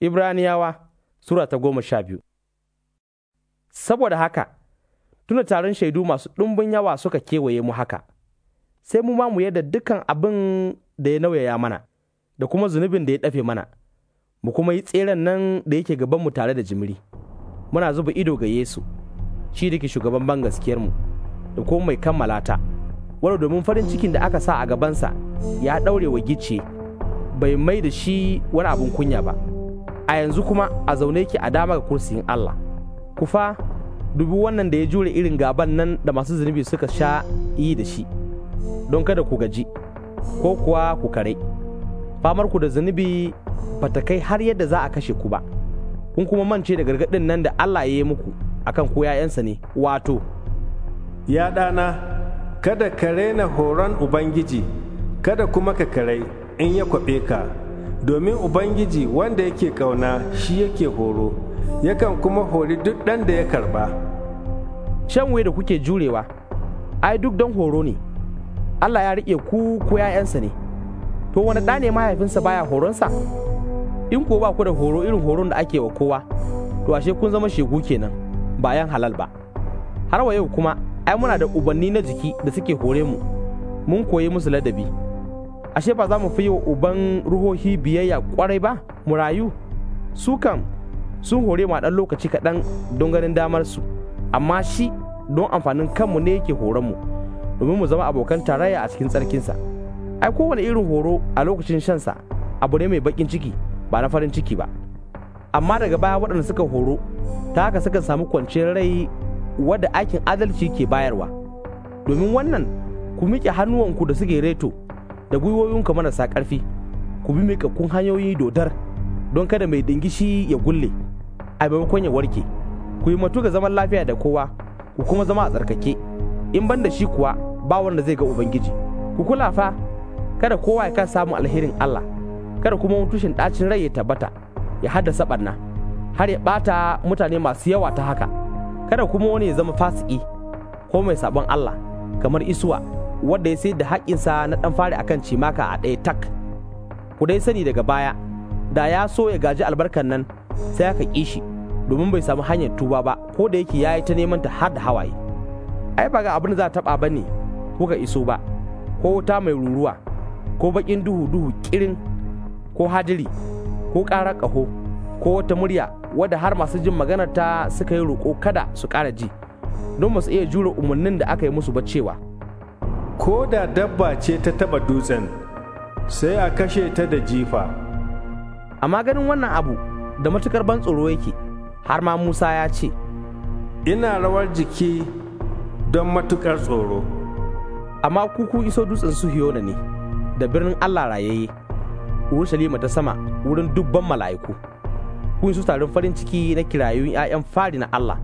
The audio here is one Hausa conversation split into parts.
Ibraniyawa Sura ta goma sha biyu Saboda haka, tuna taron shaidu masu ɗumbin yawa suka kewaye mu haka, sai mu ma mu yadda dukan abin da ya nauyaya mana, da kuma zunubin da ya ɗafe mana, mu kuma yi tseren nan da yake gabanmu tare da jimiri. Muna zuba ido ga Yesu, shi da ke shugaban ban gaskiyarmu, da kuma mai kammala ta, wadda domin farin cikin da aka sa a gabansa ya ɗaure wa gice, bai mai da shi wani abin kunya ba. a yanzu kuma a zaune ki a dama ga kursiyin Allah kufa fa dubi wannan da ya jure irin gaban nan da masu zunubi suka sha yi da shi don kada ku gaji ko kuwa ku kare famar ku da zunubi ba ta kai har yadda za a kashe ku ba kun kuma mance da gargaɗin nan da Allah ya yi muku akan ku ‘ya'yansa ne wato ya ɗana kada ka na horon ubangiji kada kuma ka kare in ya kwaɓe ka domin ubangiji wanda yake kauna shi yake horo yakan kuma hori duk ɗan da ya karba shan da kuke jurewa ai duk don horo ne allah ya riƙe ku ko 'ya'yansa ne to wani ɗa ne mahaifinsa baya horonsa in ko ba ku da horo irin horon da ake wa kowa to ashe kun zama shegu kenan ba halal ba har wa yau kuma ai muna da ubanni na jiki da suke hore mu mun koyi musu ladabi ashe ba za mu fi wa uban ruhohi biyayya kwarai ba mu rayu su kam sun hore ma ɗan lokaci kaɗan don ganin damar su amma shi don amfanin kanmu ne yake horon mu domin mu zama abokan tarayya a cikin tsarkinsa ai kowane irin horo a lokacin shan sa abu ne mai bakin ciki ba na farin ciki ba amma daga baya waɗanda suka horo ta haka suka samu kwanciyar rai wadda aikin adalci ke bayarwa domin wannan ku miƙe hannuwanku da suke reto da mana marasa ƙarfi ku bi miƙaƙƙun hanyoyi dodar don kada mai dingishi ya gulle a maimakon ya warke ku yi matu ga zaman lafiya da kowa ku kuma zama a tsarkake in ban da shi kuwa ba wanda zai ga ubangiji ku kula fa kada kowa ya kan samu alherin Allah kada kuma tushen ɗacin rai ya tabbata ya haddasa ɓarna har ya ɓata mutane masu yawa ta haka kada kuma wani ya zama fasiki ko mai sabon Allah kamar isuwa wanda ya sayar da haƙƙinsa na ɗan fari akan cimaka a ɗaya tak ku dai sani daga baya da ya so ya gaji albarkan nan sai aka ƙi shi domin bai samu hanyar tuba ba ko da yake ya yi ta neman ta har da hawaye ai ba ga abin da za taɓa ba ne kuka iso ba ko wuta mai ruruwa ko baƙin duhu duhu ƙirin ko hadiri ko ƙara ƙaho ko wata murya wadda har masu jin maganar ta suka yi roƙo kada su ƙara ji don ba su iya jure umarnin da aka yi musu ba cewa ko da dabba ce ta taba dutsen sai a kashe ta da jifa amma ganin wannan abu da matukar ban tsoro yake har ma musa ya ce ina rawar jiki don matukar tsoro amma kuku iso dutsen su hiyona ne da birnin allah rayaye urushalima ta sama wurin dubban mala'iku kun su tarin farin ciki na kirayun 'ya'yan fari na allah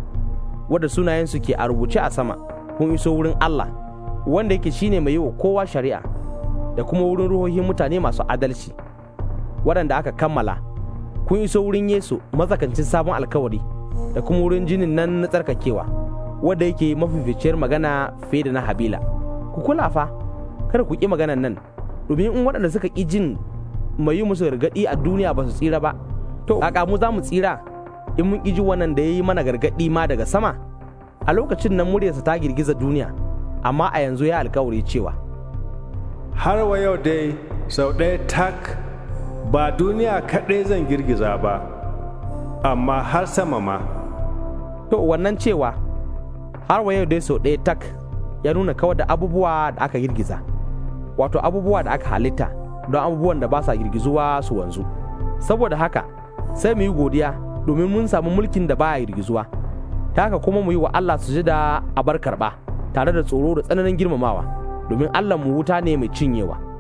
wadda sunayen su ke a rubuce a sama kun iso wurin allah wanda yake shine mai yi kowa shari'a da kuma wurin ruhohin mutane masu adalci waɗanda aka kammala kun iso wurin yesu matsakancin sabon alkawari da kuma wurin jinin nan na tsarkakewa wanda yake mafificiyar magana fiye da na habila ku kula fa kada ku ƙi maganan nan domin in waɗanda suka ƙi jin mai yi musu gargaɗi a duniya ba su tsira ba to a mu za mu tsira in mun ƙi ji wannan da ya yi mana gargaɗi ma daga sama a lokacin nan muryarsa ta girgiza duniya amma a yanzu ya alkawari cewa har wa yau dai sau ɗaya tak ba duniya kaɗai zan girgiza ba amma har sama ma to wannan cewa har wa yau dai sau ɗaya tak ya nuna kawar da abubuwa da aka girgiza wato abubuwa da aka halitta don abubuwan da ba sa girgizuwa su wanzu saboda haka sai mu yi godiya domin mun samu mulkin da baya girgizuwa ta kuma mu yi wa Allah su ji a bar karɓa. tare da tsoro da tsananin girmamawa domin Allah mu wuta ne mai cinyewa